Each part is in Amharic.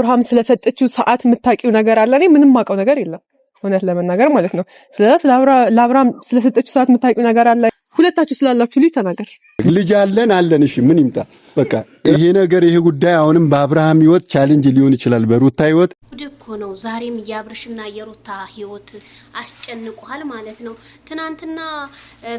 አብርሃም ስለሰጠችው ሰዓት የምታውቂው ነገር አለ? እኔ ምንም አውቀው ነገር የለም እውነት ለመናገር ማለት ነው። ስለዚ ለአብርሃም ስለሰጠችው ሰዓት የምታውቂው ነገር አለ? ሁለታችሁ ስላላችሁ ልጅ ተናገር። ልጅ አለን አለን። እሺ ምን ይምጣ በቃ ይሄ ነገር ይሄ ጉዳይ አሁንም በአብርሃም ህይወት ቻሌንጅ ሊሆን ይችላል። በሩታ ህይወት ጉድ እኮ ነው። ዛሬም የአብርሽና የሩታ ህይወት አስጨንቋል ማለት ነው። ትናንትና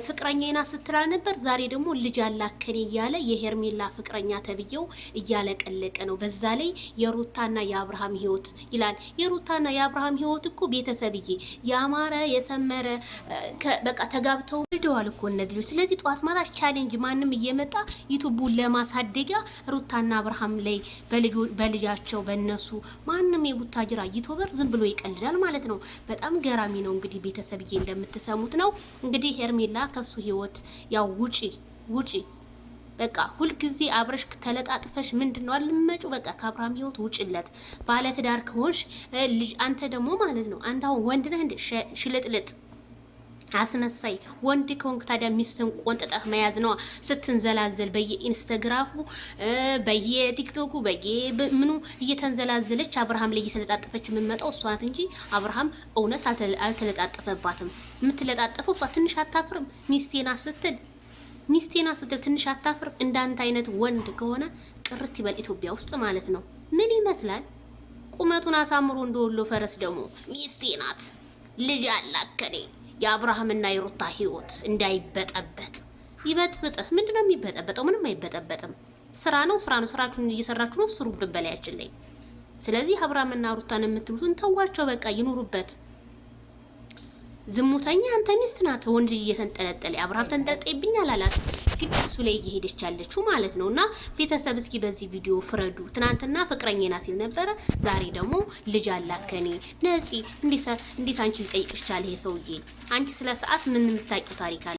ፍቅረኛና ስትላል ነበር፣ ዛሬ ደግሞ ልጅ አላከን እያለ የሄርሜላ ፍቅረኛ ተብዬው እያለቀለቀ ነው። በዛ ላይ የሩታና የአብርሃም ህይወት ይላል። የሩታና የአብርሃም ህይወት እኮ ቤተሰብዬ ያማረ የሰመረ በቃ ተጋብተው ልደዋል እኮ እነዚህ። ስለዚህ ጠዋት ማታ ቻሌንጅ ማንም እየመጣ ዩቱቡን ለማሳደ ማሳደጊያ ሩታና አብርሃም ላይ በልጃቸው በነሱ ማንም የቡታጅራ ይቶበር ዝም ብሎ ይቀልዳል ማለት ነው። በጣም ገራሚ ነው። እንግዲህ ቤተሰብዬ እንደምትሰሙት ነው። እንግዲህ ሄርሜላ ከሱ ህይወት ያው ውጪ ውጪ በቃ ሁልጊዜ አብረሽ ተለጣጥፈሽ ምንድን ነው አልመጩ። በቃ ከአብርሃም ህይወት ውጭለት። ባለትዳር ከሆንሽ አንተ ደግሞ ማለት ነው አንተ አሁን ወንድ ነህ እንዴ? ሽልጥልጥ አስመሳይ ወንድ ከሆንክ ታዲያ ሚስትን ቆንጥጠህ መያዝ ነዋ። ስትንዘላዘል በየኢንስተግራፉ በየቲክቶኩ በየምኑ እየተንዘላዘለች አብርሃም ላይ እየተለጣጠፈች የምመጣው እሷ ናት እንጂ አብርሃም እውነት አልተለጣጠፈባትም። የምትለጣጠፈው እሷ ትንሽ አታፍርም? ሚስቴና ስትል ሚስቴና ስትል ትንሽ አታፍርም? እንዳንተ አይነት ወንድ ከሆነ ቅርት ይበል ኢትዮጵያ ውስጥ ማለት ነው። ምን ይመስላል? ቁመቱን አሳምሮ እንደወሎ ፈረስ ደግሞ ሚስቴ ናት ልጅ አላከኔ የአብርሃምና የሩታ ህይወት እንዳይበጠበጥ። ይበጥብጥህ። ምንድን ነው የሚበጠበጠው? ምንም አይበጠበጥም። ስራ ነው ስራ ነው። ስራችሁን እየሰራችሁ ነው፣ ስሩብን በላያችን ላይ። ስለዚህ አብርሃምና ሩታን የምትሉትን ተዋቸው፣ በቃ ይኑሩበት። ዝሙተኛ አንተ ሚስት ናት። ወንድ ልጅ እየተንጠለጠለ አብርሃም ተንጠልጠይብኛል አላት። ግድ እሱ ላይ እየሄደች ያለችው ማለት ነው። እና ቤተሰብ እስኪ በዚህ ቪዲዮ ፍረዱ። ትናንትና ፍቅረኛ ሲል ነበረ፣ ዛሬ ደግሞ ልጅ አላከኔ ነፂ። እንዴት አንቺ ሊጠይቅሻል ይሄ ሰውዬ? አንቺ ስለ ሰዓት ምን የምታውቂው ታሪክ አለ?